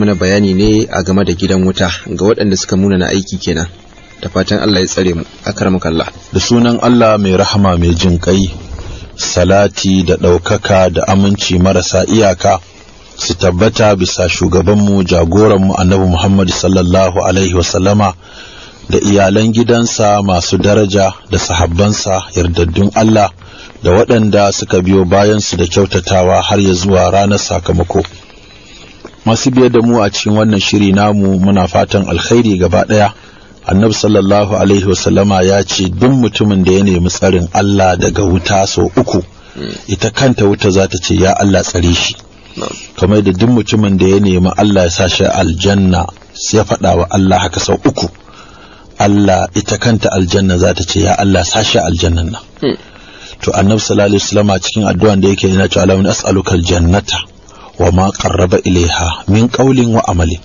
muna bayani ne a game da gidan wuta ga waɗanda suka muna na aiki kenan ta fatan Allah ya tsare mu akramaka Allah da sunan Allah mai rahama mai jin kai salati da ɗaukaka da aminci marasa iyaka su tabbata bisa shugabanmu jagoranmu annabi Muhammad sallallahu alaihi wasallama da iyalan gidansa masu daraja da sahabbansa yardaddun Allah da waɗanda suka biyo bayansu da kyautatawa har ya zuwa ranar sakamako masu biyar da mu a cikin wannan shiri namu muna fatan alkhairi gaba ɗaya annabi sallallahu alaihi wasallama ya ce duk mutumin da ya nemi tsarin Allah daga wuta sau uku ita kanta wuta za ta ce ya Allah tsare shi kamar da duk mutumin da ya nemi Allah ya sa aljanna sai ya faɗa wa Allah haka sau uku Allah ita kanta aljanna za ta ce ya Allah sashi aljannan nan hmm. to annabi sallallahu alaihi wasallama cikin addu'an da yake yana cewa Allahumma as'aluka aljannata wa ma qarraba ilaiha min qawlin wa amalin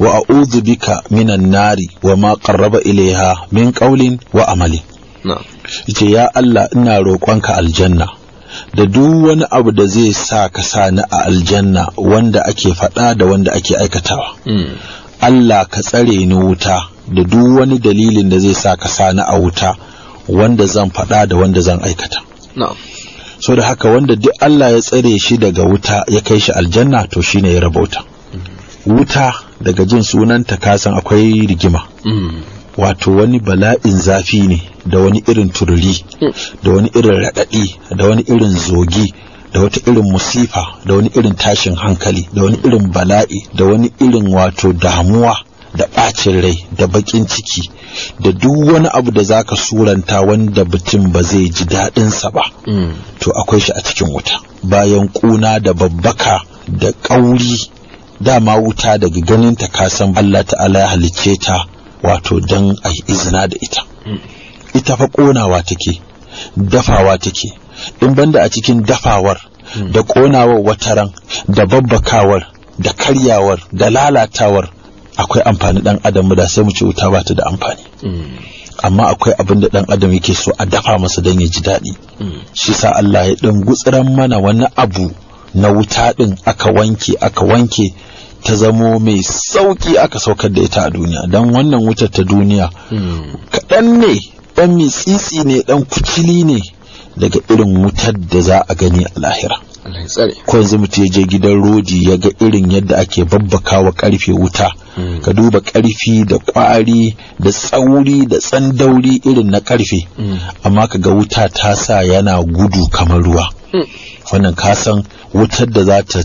wa a'udhu bika minan nari wa ma qarraba ilaiha min qawlin wa amalin yace ya Allah ina roƙonka aljanna da duk wani abu da zai sa ka sani a aljanna wanda ake faɗa da wanda ake aikatawa Allah ka tsare ni wuta da duk wani dalilin da zai sa ka sani a wuta wanda zan faɗa da wanda zan aikata so da haka wanda duk Allah ya tsare shi daga wuta ya kai shi aljanna to shine ya rabauta wuta daga jin sunanta kasan akwai rigima wato wani bala'in zafi ne da wani irin tururi da wani irin raɗaɗi da wani irin zogi da wata irin musifa da wani irin tashin hankali da wani irin bala'i da wani irin wato damuwa da ɓacin rai da baƙin ciki da duk wani abu da zaka suranta wanda mutum ba zai ji daɗinsa ba mm. to akwai shi a cikin wuta bayan ƙuna da babbaka da ƙauri dama wuta daga ganin ta ka san Allah ta'ala ya halicce ta wato don a izina da ita mm. ita fa ƙonawa take dafawa take in banda a cikin dafawar mm. da ƙonawar wataran da babbakawar da karyawar da lalatawar akwai amfani dan adam da sai mu ce wuta ba ta da amfani amma akwai abin da dan adam yake so a dafa masa dan ya ji daɗi shi sa Allah ya dan gutsiran mana wani abu na wuta din aka wanke aka wanke ta zamo mai sauki aka saukar da ita a duniya dan wannan wutar ta duniya kaɗan ne dan mitsitsi ne dan kucili ne daga irin wutar da za a gani a lahira ko yanzu mutum ya je gidan rodi ya ga irin yadda ake babbaka wa karfe wuta hmm. ka duba karfi da kwari da tsauri da tsandauri irin na karfe hmm. amma ka ga wuta ta sa yana gudu kamar ruwa hmm. wannan ka san wutar da za ta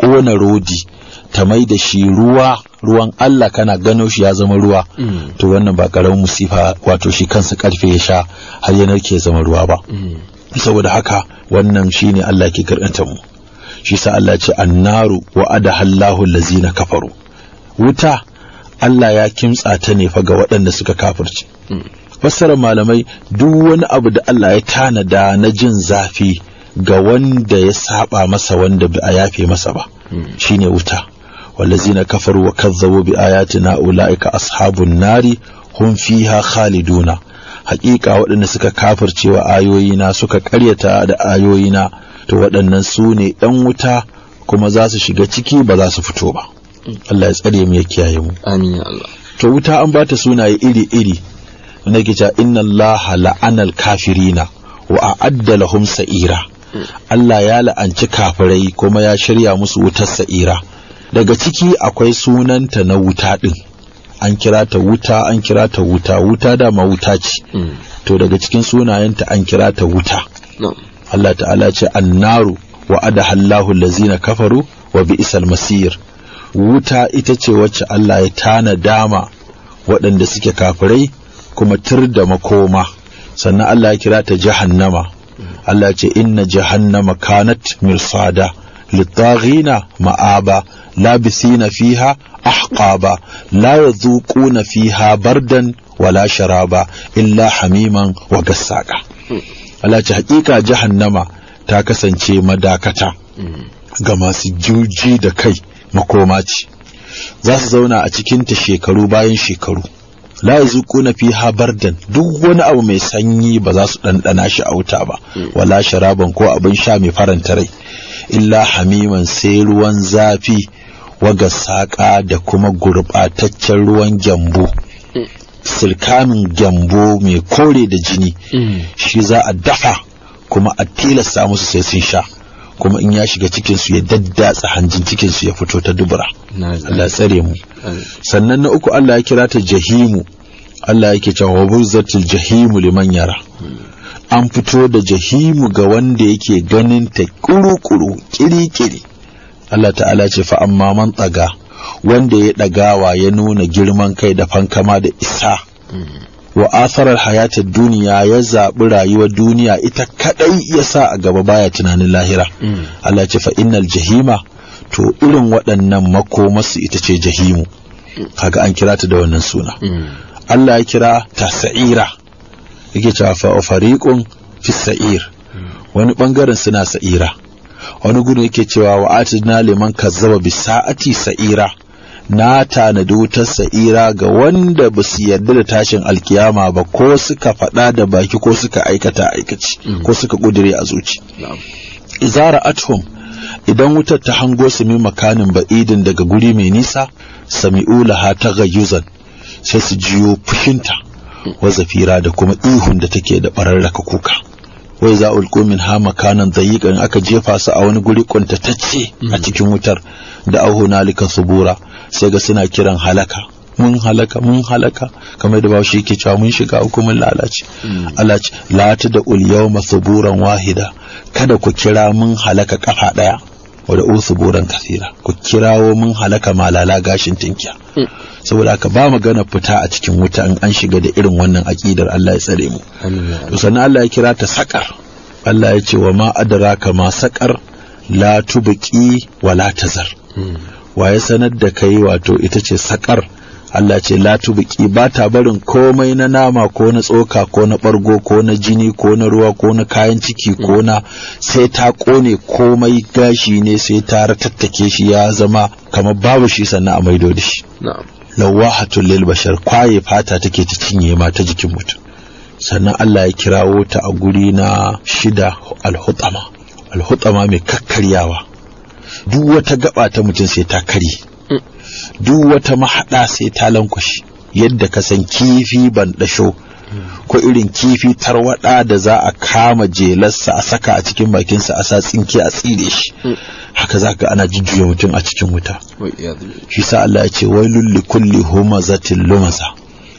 kona rodi ta mai da shi ruwa ruwan Allah kana gano shi ya zama ruwa to wannan ba karamin musifa wato shi kansa karfe ya sha har ya narke zama ruwa ba saboda haka wannan shine Allah ke karkanta mu shi sa Allah ce annaru wa adahallahu allazina kafaru wuta Allah ya kimtsa ta ne fa ga waɗanda suka kafirci fassarar malamai duk wani abu da Allah ya tanada na jin zafi ga wanda ya saba masa wanda bi a yafe masa ba shine wuta wallazina kafaru wa kazzabu bi ayatina ulaika ashabun nari hum fiha khaliduna hakika waɗanda suka kafircewa ayoyina suka ƙaryata da ayoyina to waɗannan su ne ‘yan wuta kuma za su shiga ciki ba za su fito ba Allah ya tsare mu ya kiyaye mu amin Allah to wuta an bata sunaye iri-iri na cewa inna Allah la'anal kafirina wa a'adda lahum sa'ira Allah ya la'anci kafirai kuma ya shirya musu wutar sa'ira daga ciki akwai sunanta na wuta din an kira ta wuta an kira ta wuta wuta dama wuta ce hmm. to daga cikin sunayenta an kira ta wuta Allah ta'ala ce annaru wa adahallahu allazina kafaru wa bi'sal masir wuta ita ce wacce Allah ya tana dama waɗanda suke kafirai kuma tur da makoma sannan Allah ya kira ta jahannama hmm. Allah ce inna jahannama kanat mirsada للطاغين مآبا لابسين فيها أحقابا لا يذوقون فيها بردا ولا شرابا إلا حميما وقساقا ألا ce hakika تاكسا ta kasance madakata ga masu juji da kai makoma ce zauna a cikinta shekaru bayan shekaru la yazuquna fiha bardan duk wani abu mai sanyi ba za su dandana shi a wuta ba wala sharaban ko abin sha mai faranta rai illa hamiman sai ruwan zafi waga saƙa da kuma gurɓataccen ruwan gyambo mm. sirkamin gyambo mai kore da jini mm. shi za a dafa kuma a tilasta musu sai sun sha kuma in ya shiga cikinsu ya daddatsa hanjin cikinsu ya fito ta dubura Allah tsare mu sannan na uku Allah ya kira ta jahimu Allah yake cewa wa buzzatul jahimu liman yara mm. an fito da jahimu ga wanda yake ganin ta kuru-kuru kiri-kiri Allah ta'ala ce fa amma man tsaga wanda ya ɗagawa ya nuna girman kai da fankama da isa wa asarar hayatar duniya ya zaɓi rayuwar duniya ita kaɗai ya sa a gaba baya tunanin lahira Allah ce fa innal jahima to irin waɗannan makomasu ita ce jahimu kaga an kira ta da wannan suna mm. Allah ya kira ta sa'ira yake cewa fa fariqun fi sa'ir wani bangaren suna sa'ira wani gudun yake cewa wa atina liman kazzaba bi sa'ati sa'ira na tanadi wutar sa'ira ga wanda ba su yarda da tashin alkiyama ba ko suka faɗa da baki ko suka aikata aikaci ko suka ƙudire a zuci izara athum idan wutar ta hango su mi makanin ba'idin daga guri mai nisa sami'u laha ta gayyuzan sai su jiyo fushinta wazafira da kuma ihun da take da bararraka kuka wai za ulqu min ha makanan in aka jefa su a wani guri kuntatacce a mm. cikin wutar da ahu nalika subura sai ga suna kiran halaka mun halaka mun halaka kamar da bawashi yake cewa mun shiga uku lalace mm. la ta da ul yawma suburan wahida kada ku kira mun halaka kafa daya wa da buran kasira ku kirawo mun halaka malala gashin tinkiya hmm. saboda haka ba magana fita a cikin wuta in an shiga da irin wannan aƙidar Allah ya tsare mu to sannan Allah ya kira ta sakar Allah ya ce wa ma adraka ma sakar la tubqi wa la tazar hmm. wa ya sanar da kai wato ita ce sakar Allah ce la tubuki ba ta barin komai na nama ko na tsoka ko na bargo ko na jini ko na ruwa ko na kayan ciki ko na sai ta kone komai gashi ne sai ta ratattake shi ya zama kamar babu shi sannan a maido da shi lawahatul lil bashar kwaye fata take ta cinye ma ta jikin mutum sannan Allah ya kirawo ta a guri na shida alhutama alhutama mai kakkaryawa duk wata gaba ta mutum sai ta karye duk wata mahaɗa sai ta lankwashe yadda ka san kifi ban ɗasho ko irin kifi tarwaɗa da za a kama jelarsa a saka a cikin bakinsa a sa tsinke a tsire shi hmm. haka za ka ana jujjuya mutum a cikin wuta shi sa Allah ya ce wailul li kulli zatin lumaza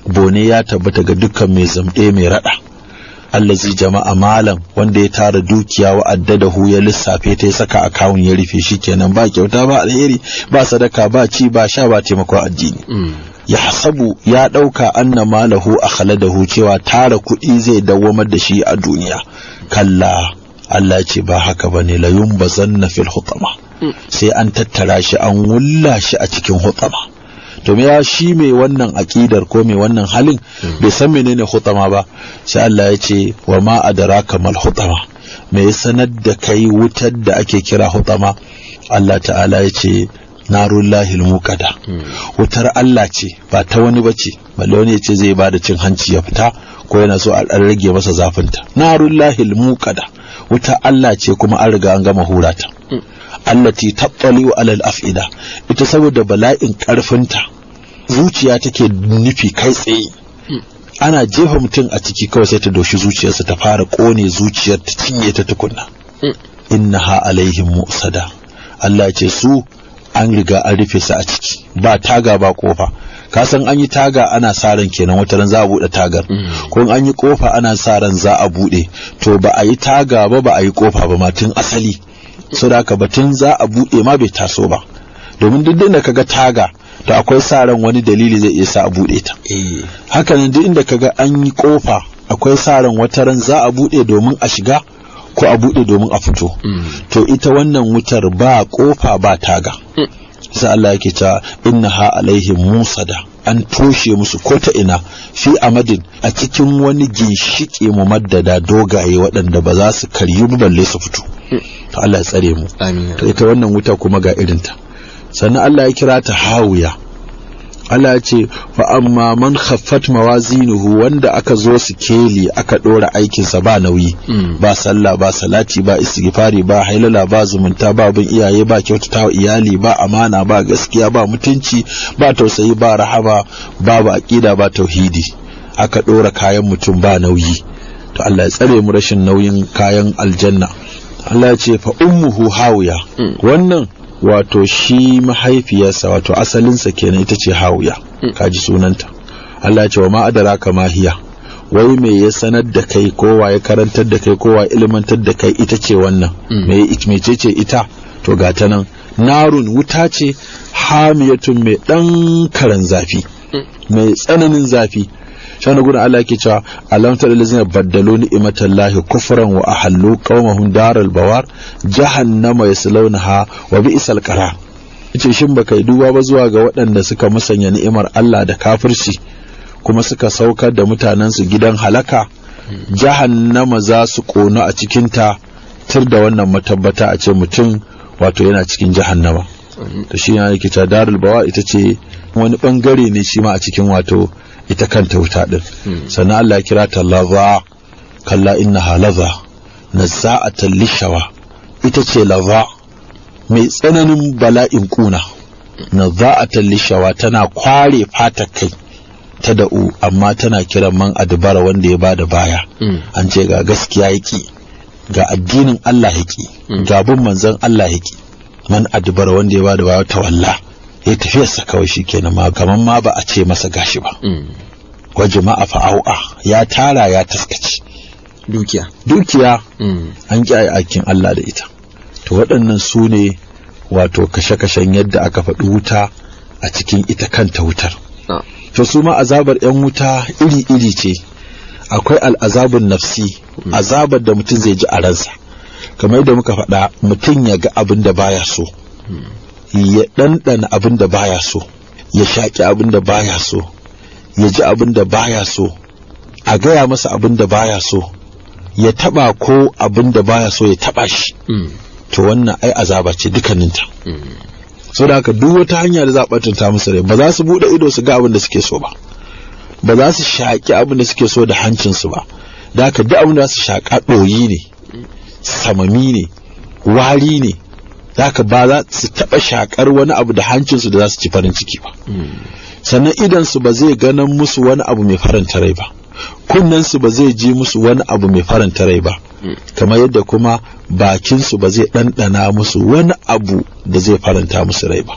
bone ya tabbata ga dukkan mai zamɗe mai raɗa allazi jama'a malam wanda ya tara dukiya wa'adda addadahu ya lissafe ta ya saka akawun ya rufe shi kenan ba kyauta ba alheri ba sadaka ba ci ba sha ba taimakon addini mm. ya hasabu ya ɗauka anna malahu a khaladahu cewa tara kuɗi zai dawwamar da shi a duniya kalla Allah ce ba haka ba ne layun ba zanna fil hutama mm. sai an tattara shi an wulla shi a cikin hutama to ya shi me wannan aƙidar ko me wannan halin mm. bai san menene hutama ba sai Allah ya ce wa ma adraka mal hutama me ya sanar da kai wutar da ake kira hutama Allah ta'ala ya ce narullahi muqada mm. wutar Allah ce ba ta wani bace balle wani ya ce zai bada cin hanci ya fita ko yana so a dan rage masa zafin zafinta narullahi muqada wutar Allah ce kuma an riga an gama hurata mm. allati tattali wa alal af'ida ita saboda bala'in karfinta zuciya take nufi kai tsaye hmm. ana jefa mutum a ciki kawai sai ta doshi zuciyarsa ta fara kone zuciyar ta cinye ta tukunna hmm. ha alaihim mu'sada Allah ce su an riga an rufe su a ciki ba taga ba kofa ka san an yi taga ana sa ran kenan wata ran za a bude tagar hmm. ko an yi kofa ana sa ran za a bude to ba a yi taga ba ba a yi kofa ba ma tun asali saboda ka batun za a bude ma bai taso ba domin duk da ga taga to akwai sa ran wani dalili zai iya sa a buɗe ta eh. hakanan duk inda kaga an yi kofa akwai sa ran wata ran za a buɗe domin a shiga ko a buɗe domin a fito mm. to ita wannan wutar ba kofa ba taga mm. sai Allah yake ta inna innaha alaihim musada an toshe musu ko ta ina fi amadin a cikin wani ginshike mu maddada dogaye waɗanda ba za su karyu balle su fito mm. to Allah ya tsare mu to ita wannan wuta kuma ga irinta sannan Allah ya kira ta hawiya Allah ya ce fa amma man khaffat mawazinuhu wanda aka zo su keli aka dora aikinsa ba nauyi hmm. ba sallah ba salati ba istighfari ba hailala ba zumunta ba bin iyaye ba kyautata wa iyali ba amana ba gaskiya ba mutunci ba tausayi ba rahama babu aqida ba tauhidi aka dora kayan mutum ba nauyi to Allah ya tsare mu rashin nauyin kayan aljanna Allah ya ce fa ummuhu hawiya mm. wannan wato shi mahaifiyarsa wato asalinsa kenan ita ce hawiya mm. kaji sunanta Allah ce wa ma adara ka mahiya wai me ya sanar da kai kowa ya karantar da kai kowa ilmantar da kai ita ce wannan mm. me mece ce ita to ga ta nan narun wuta ce hamiyatun mai dan karan zafi mm. mai tsananin zafi shan da gudun Allah yake cewa alam ta dalilin imatan lahi kufran wa ahallu qaumahum daral bawar jahannama yaslawnaha wa bi'sal qarar yace shin baka yi duba ba zuwa ga waɗanda suka musanya ni'imar Allah da kafirci kuma suka saukar da mutanensu gidan halaka jahannama za su kono a cikinta tir da wannan matabbata a ce mutum wato yana cikin jahannama to shi yana yake ta darul bawa ita ce wani bangare ne shi ma a cikin wato ita kanta wuta din sannan Allah ya kira ta laza kalla innaha laza nazza'atan lishawa ita ce laza mai tsananin bala'in kuna nazza'atan lishawa tana kware fata kai ta da'u amma tana kiran man adubara wanda ya bada baya mm. an ce ga gaskiya yaki ga addinin Allah yaki mm. ga bin manzon Allah yaki man adubara wanda ya bada baya tawalla ya tafiyarsa kawai shi kenan ma kamar ma ba a ce masa gashi ba mm. wa jama'a au'a ah, ya tara ya taskace dukiya dukiya mm. an kiyaye aikin Allah da ita to waɗannan su ne wato kashe-kashen yadda aka faɗi wuta a cikin ita kanta wutar ah. to su ma azabar 'yan wuta iri-iri ce akwai al'azabin nafsi mm. azabar da mutum zai ji a ransa kamar da muka faɗa mutum ya ga abin da baya so ya ɗanɗana abin da baya so ya shaƙi abin da baya so ya ji abin da baya so a gaya masa abin da baya so ya taɓa ko abin da baya so ya taɓa shi mm. to wannan ai azaba ce dukkaninta mm. so da haka duk wata hanya da za a ta musu rai ba za su buɗe ido su ga abin da suke so ba ba za su shaƙi abin da suke so da hancinsu ba da haka duk abin da za su shaƙa ɗoyi ne samami ne wari ne zaka ba za su taɓa shakar wani abu da hancinsu da za su ci farin ciki ba sannan su ba zai ganin musu wani abu mai faranta rai ba su ba zai ji musu wani abu mai faranta rai ba kamar yadda kuma bakin su ba zai ɗanɗana musu wani abu da zai faranta musu rai ba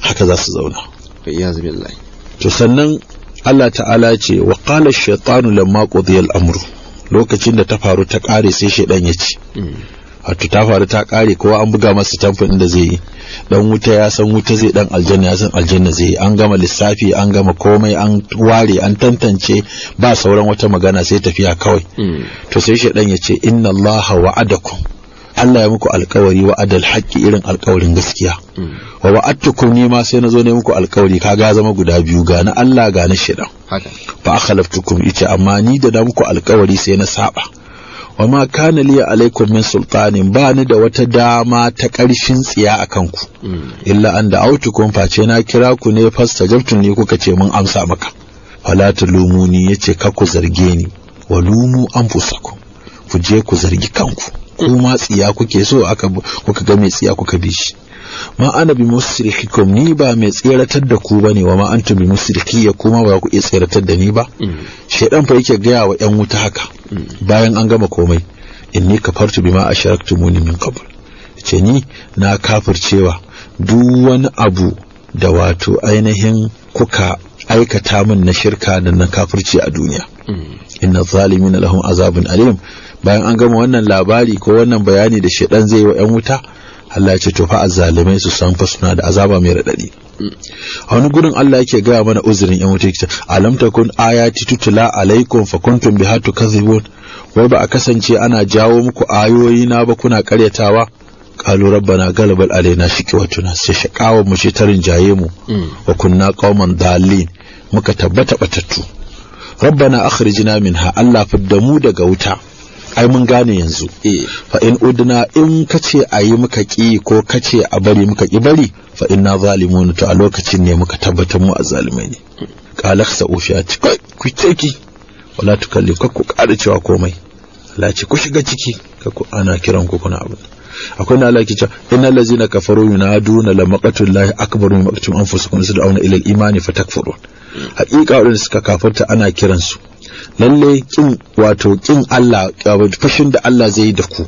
haka za su zauna to sannan Allah ta'ala ce wa qala shaytanu lamma qudiya al-amru lokacin da ta faru ta kare sai shaydan ya ce wato ta faru ta kare kowa an buga masa tamfin da zai yi dan wuta ya san wuta zai dan aljanna ya san aljanna zai yi an gama lissafi an gama komai an ware an tantance ba sauran wata magana sai tafiya kawai hmm. to sai shaidan ya ce inna Allah wa'adakum Allah ya muku alkawari wa adal irin alkawarin gaskiya hmm. wa wa'adtukum ni ma sai nazo ne muku alkawari kaga zama guda biyu ga na Allah ga na a fa akhalaftukum ita amma ni da da muku alkawari sai na saba wa ma kana liya alaikum min sultanin ba ni da wata dama ta ƙarshen tsiya a kanku illa an da autu kun face na kira ku ne fasta jabtun ne kuka ce mun amsa maka falatu lumuni yace ka ku zarge ni wa lumu anfusakum ku je ku zargi kanku ku ma tsiya kuke so aka kuka ga mai tsiya kuka bi shi ma ana bi musrikikum ni ba mai tseratar da ku bane wa ma antum bi ya kuma ba ku iya tseratar da ni ba mm. shedan fa yake gaya wa yan wuta haka mm. bayan an gama komai inni kafartu bima asharaktumuni min qabl ce ni na kafircewa duk wani abu da wato ainihin kuka aikata min na shirka da na kafirci a duniya mm. inna zalimin lahum azabun alim bayan an gama wannan labari ko wannan bayani da shedan zai yi wa yan wuta Allah ya ce to fa azzalimai su san fa suna da azaba mai radadi a wani gurin Allah yake gaya mana uzurin yan wuce kice alam takun ayati tutula alaikum fa kuntum biha tukazibun wai ba a kasance ana jawo muku ayoyi na ba kuna karyatawa qalu rabbana galbal alaina shiqwatuna sai shaqawar mu ce tarin jaye mu wa kunna qauman dalin muka tabbata batattu rabbana akhrijna minha Allah fidda mu daga wuta ai mun gane yanzu eh. fa in udna in kace ayi muka ki ko kace a bari muka ki bari fa inna zalimun to a lokacin ne muka tabbatar mu azzalimai ne qala khsa'u fi ku ciki wala tukalli ka ku kada cewa komai Allah ce ku shiga ciki ka ku ana kiran ku kuna abu akwai na Allah ke cewa innal ladzina kafaru yunaduna la maqatul lahi akbaru min maqtum anfusikum auna ila al imani fatakfurun haqiqa wadanda suka kafarta ana kiransu lalle kin wato kin Allah fushin da Allah zai yi da ku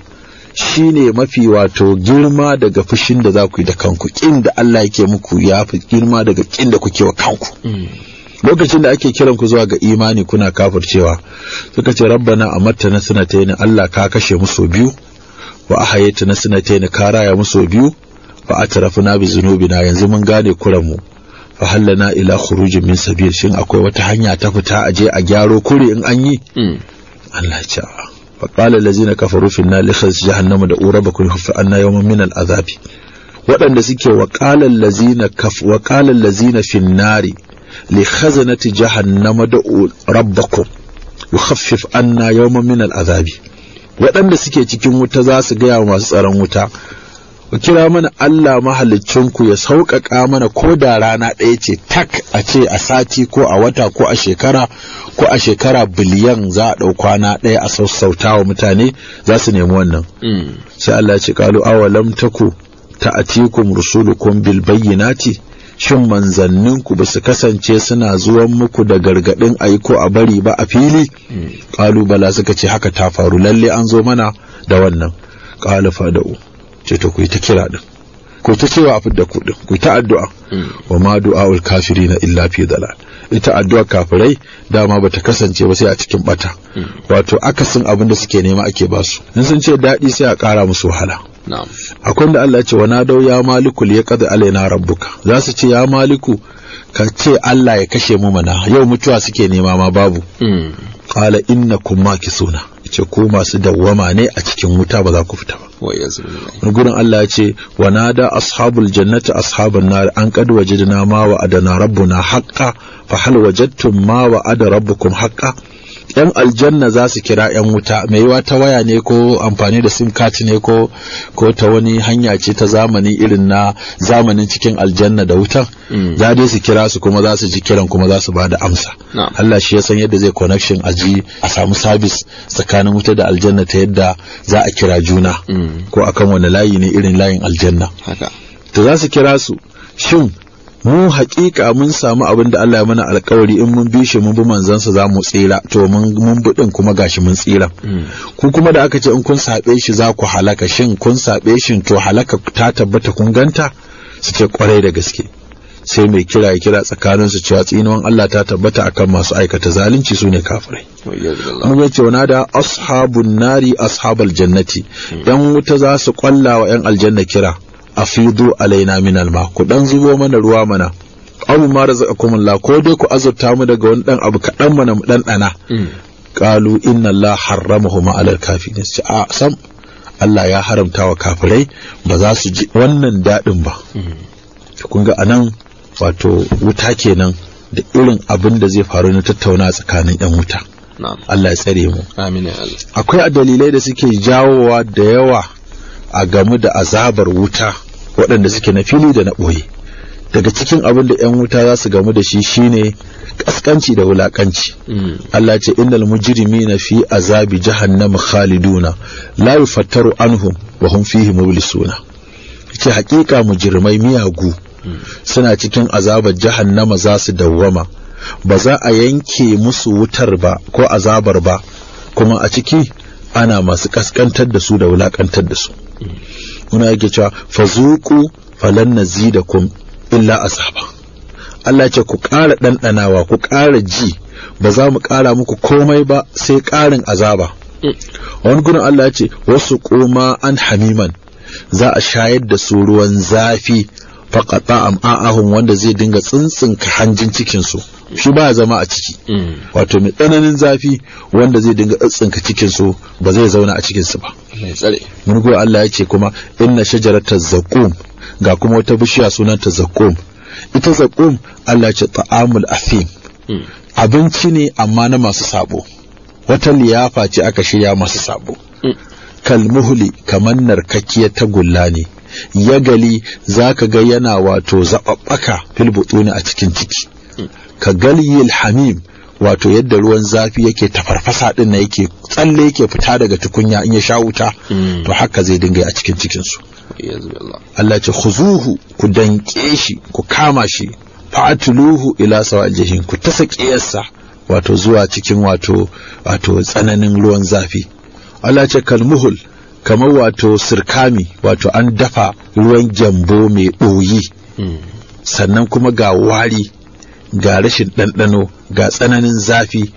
shine mafi wato girma daga fushin da za ku yi da kanku kin da Allah yake muku ya fi girma daga kin da kuke wa kanku mm. lokacin da ake kiran ku zuwa ga imani kuna kafircewa suka ce rabbana amatta na suna ta Allah ka kashe mu musu biyu wa hayata na suna ta ka raya mu musu biyu ba tarafi na bi na yanzu mun gane kuranmu mu fa ila khurujin min sabil shin akwai wata hanya ta fita a je a gyaro kure in an yi hmm. Allah ya ce fa qala allazina kafaru fi nali khas jahannam da kun hufa anna yawman min al'azabi waɗanda suke wa qala allazina kaf wa qala allazina fi nari li khazanati jahannam da rabbakum yukhaffif anna yawman min al'azabi waɗanda suke cikin wuta za su gaya wa masu tsaron wuta ku kira mana Allah ku ya sauƙaƙa mana ko da rana ɗaya ce tak a ce a sati ko a wata ko a shekara ko a shekara biliyan za a ɗau kwana ɗaya a sassauta wa mutane za su nemi wannan mm. sai Allah ce kalu awalam taku ta'atikum rusulukum bil bayyinati shin manzanninku ba su kasance suna zuwan muku da gargaɗin ko a bari ba a fili kalu mm. bala suka ce haka ta faru lalle an zo mana da wannan qala fada'u ce to ku yi ta kira din ku ta cewa a fidda kuɗin ku ta addu'a hmm. wa ma du'a'ul na illa fi dalal ita addu'a kafirai dama bata kasance ba sai a cikin bata hmm. wato akasin abin da suke nema ake ba su in sun ce daɗi sai a ƙara musu wahala akwai da Allah ya ce wa dau ya maliku ya qad alaina rabbuka za su ce ya maliku ka ce Allah ya kashe mu mana yau mutuwa suke nema ma babu hmm. qala innakum makisuna ce ko masu dawwama ne a cikin wuta ba za ku fita ba wani gurin Allah ya ce wa nada ashabul jannati ashabun nar an qad wajidna ma wa adana rabbuna haqqa fa hal wajadtum ma wa ada rabbukum haqqa 'yan aljanna za su kira 'yan wuta mai yiwa ta waya ne ko amfani da sim card ne ko ko ta wani hanya ce ta zamani irin na zamanin cikin aljanna da wuta. Mm. za dai su kira su kuma za su ji kiran kuma za su ba da amsa Allah shi ya san yadda zai connection a ji a samu service tsakanin wuta da aljanna ta yadda za a kira juna mm. ko akan wani layi ne irin layin aljanna to za su kira su shin mu haƙiƙa mun samu abin da Allah ya mana alƙawari in mun bi shi mun bi manzansa za mu tsira to mun mun bi din kuma gashi mun tsira mm. ku kuma da aka ce in kun saɓe shi za ku halaka shin kun saɓe shi to halaka ta tabbata kun ganta su ce kwarai da gaske sai mai kira ya kira tsakanin su cewa tsinuwan Allah ta tabbata akan masu aikata zalunci sune ne kafirai mun ya ce wana da ashabun nari ashabal jannati mm. yan wuta za su kwalla wa yan aljanna kira afidu alaina min alma ku dan zubo mana ruwa mana abu ma Allah ko dai ku azurta mu daga wani dan abu kadan mana mu dan dana hmm. qalu inna allah harramahuma alal kafirin a sam Allah ya haramta wa kafirai ba za su ji wannan daɗin ba hmm. kun ga anan wato wuta kenan da irin abin da zai faru na tattauna tsakanin 'yan wuta Allah ya tsare mu Amin. akwai dalilai da suke jawowa da yawa a game da azabar wuta waɗanda suke na fili da na ɓoye daga cikin abin da 'yan wuta za su gamu da shi shine ƙasƙanci da wulaƙanci. Mm. Allah ce innal na fi azabi jahannam khaliduna la yufattaru anhum wa hum fihi mublisuna ce hakika mujrimai miyagu mm. suna cikin azabar jahannama za su dawwama ba za a yanke musu wutar ba ko azabar ba kuma a ciki ana masu ƙasƙantar da su da wulaƙantar da su mm. muna yake cewa fazuku falan nazidakum illa asaba Allah ce ku ƙara ɗanɗanawa ku ƙara ji ba za mu ƙara muku komai ba sai ƙarin azaba wani gurin Allah ce wasu kuma an hamiman za a shayar da su ruwan zafi faqata ama'ahun wanda zai dinga tsintsinka hanjin cikinsu. shi ba zama a ciki mm. wato mai tsananin zafi wanda zai dinga tsintsinka cikin su ba zai zauna a cikinsu ba mun go Allah ya ce kuma inna shajarata zakum ga kuma wata bishiya sunanta zakum ita zakum Allah ya ce ta'amul afim mm. abinci ne amma na masu sabo wata liyafa ce aka shirya masu sabo mm. kalmuhuli kamar narkakkiyar tagulla ne yagali ka ga yana wato zaɓaɓɓaka fil ne a cikin ciki ka galiyil hamim wato yadda ruwan zafi yake tafarfasa din na yake tsalle yake fita daga tukunya in ya sha wuta hmm. to haka zai dinga a cikin cikinsu Allah ce khuzuhu ku danke shi ku kama shi fa'atuluhu ila sawa jahim ku ta sakiyarsa wato zuwa cikin wato wato tsananin ruwan zafi Allah ce kalmuhul kamar wato sirkami wato an dafa ruwan gyambo mai ɗoyi hmm. sannan kuma ga wari ga rashin ɗanɗano ga tsananin zafi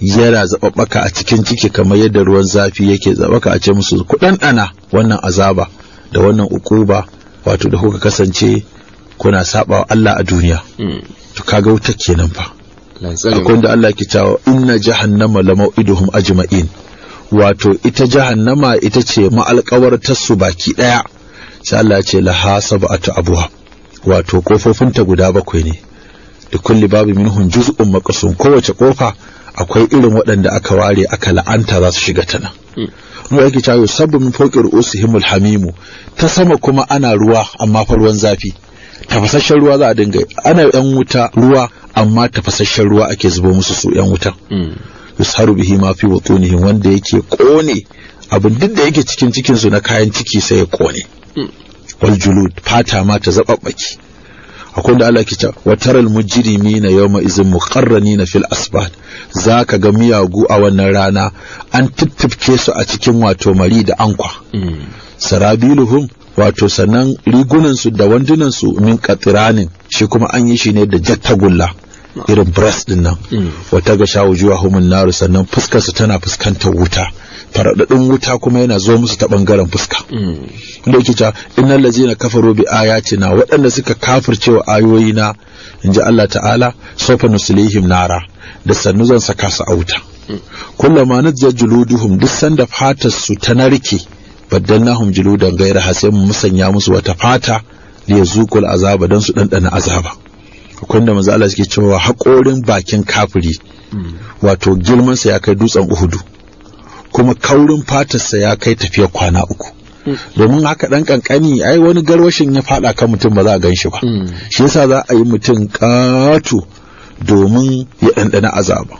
yana zaɓaɓɓaka a cikin ciki kamar yadda ruwan zafi yake zaɓaka a ce musu ku ɗanɗana wannan azaba da wannan ukuba wato da kuka kasance kuna saɓa wa Allah a duniya hmm. to kaga wuta kenan fa akwai da Allah ke cewa inna jahannama lamau'iduhum ajma'in wato ita jahannama ita ce ma'alƙawartar su baki ɗaya sai Allah ce laha sab'atu abuha wato kofofinta guda bakwai ne da kulli babu minhum juz'un maqsum kowace kofa akwai irin waɗanda aka ware aka la'anta za su shiga ta nan hmm. mu yake cewa sabu min fokir usihimul hamimu ta sama kuma ana ruwa amma fa ruwan zafi tafasasshen ruwa za a dinga ana yan wuta ruwa amma tafasasshen ruwa ake zubo musu su yan wutan hmm. yusharu bihi ma fi butunihim wanda yake kone abin duk da yake cikin cikin su na kayan ciki sai ya kone wal julud fata ma ta zababbaki akwai da Allah ke ce wa taral mujrimina yawma izin na fil asbad zaka ga miyagu a wannan rana an tuttuke su a cikin wato mari da ankwa sarabiluhum wato sannan rigunansu da wandunansu min katiranin shi kuma an yi shi ne da jattagulla irin breast din nan mm. wata ga shawo juwa humun naru sannan fuskarsu tana fuskantar wuta faradadin wuta kuma yana zo musu ta bangaren fuska inda mm. yake ta innal ladzina kafaru bi na waɗanda suka kafircewa na inji Allah ta'ala sofa nuslihim nara da sannu zan saka su a wuta mm. kullama najjar juluduhum duk sanda fatar su ta narke baddalnahum juludan ghayra hasim musanya musu wata fata da ya azaba dan su dandana azaba akwai da maza'ala suke cewa haƙorin bakin kafiri wato girman sa ya kai dutsen Uhudu kuma kaurin fatarsa ya kai tafiyar kwana uku domin haka dan kankani ai wani garwashin ya fada kan mutum ba za a gan shi ba shi yasa za a yi mutum ƙato domin ya ɗanɗana azaba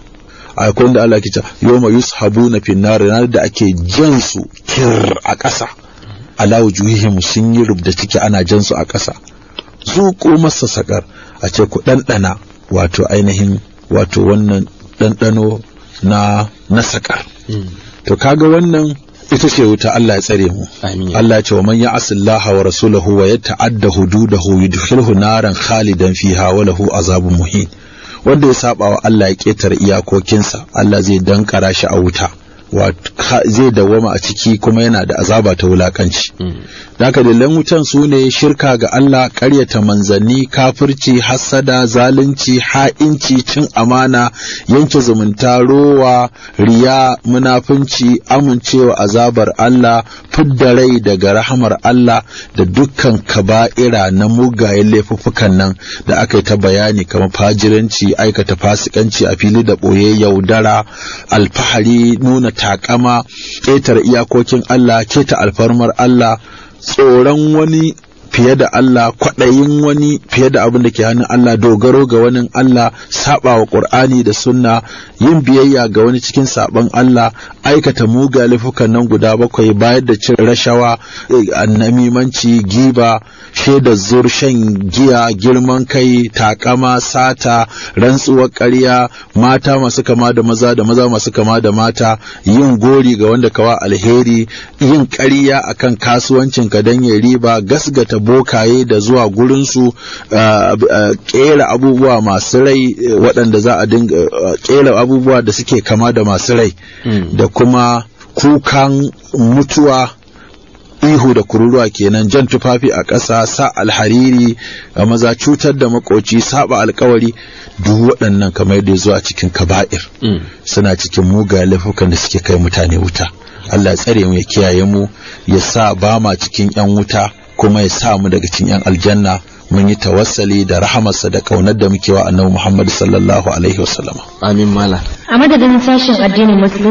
akwai da Allah ke cewa yawma yushabuna fi nar da ake jan su kir a ƙasa ala wujuhihim sun yi rubda ciki ana jan a ƙasa zuƙo masa sakar a ce ku ɗanɗana wato ainihin wato wannan ɗanɗano na na sakar hmm. to kaga wannan ita ce wuta Allah ya tsare mu Allah ya ce wa man asillaha wa rasulahu wa yata'adda hududahu yudkhilhu naran khalidan fiha wa lahu azabun muhin wanda ya saba wa Allah ya ketare iyakokinsa Allah zai dankara shi a wuta zai dawama a ciki kuma yana da azaba ta wulakanci hmm. Daka dalilan wutan su ne shirka ga Allah, ƙaryata manzanni, kafirci, hassada, zalunci, ha'inci, cin amana, yanke zumunta, rowa, riya, munafunci, amincewa azabar Allah, fidda rai daga rahamar Allah da dukkan kaba'ira na mugayen laifuffukan nan da aka yi ta bayani kamar fajiranci, aikata fasikanci a fili da ɓoye yaudara, alfahari, nuna taƙama ƙetar iyakokin Allah, keta alfarmar Allah, tsoron wani fiye da Allah kwaɗayin wani fiye da abin da ke hannun Allah dogaro ga wani Allah saba wa Qur'ani da sunna yin biyayya ga wani cikin saban Allah aikata muga nan guda bakwai bayar da cin rashawa annamimanci giba shaidar zur shan giya girman kai takama sata rantsuwar ƙarya mata masu kama da maza da maza masu kama da mata yin gori ga wanda kawa alheri yin ƙarya akan kasuwancinka don ya riba gasgata bokaye da zuwa gurinsu kera abubuwa masu rai e, waɗanda za a dinga kera abubuwa da suke kama da masu rai hmm. da kuma kukan mutuwa ihu da kururuwa kenan jan tufafi a ƙasa sa alhariri a maza cutar da makoci saba alkawari duk waɗannan kamar da zuwa cikin kaba'ir hmm. suna cikin muga laifukan da suke kai mutane wuta Allah tsare mu ya kiyaye mu ya sa ba ma cikin 'yan wuta kuma ya sa mu daga cikin yan aljanna mun yi tawassali da rahamarsa da kaunar da muke wa annabi Muhammad sallallahu alaihi wasallam amin mala a madadin sashen addinin musulunci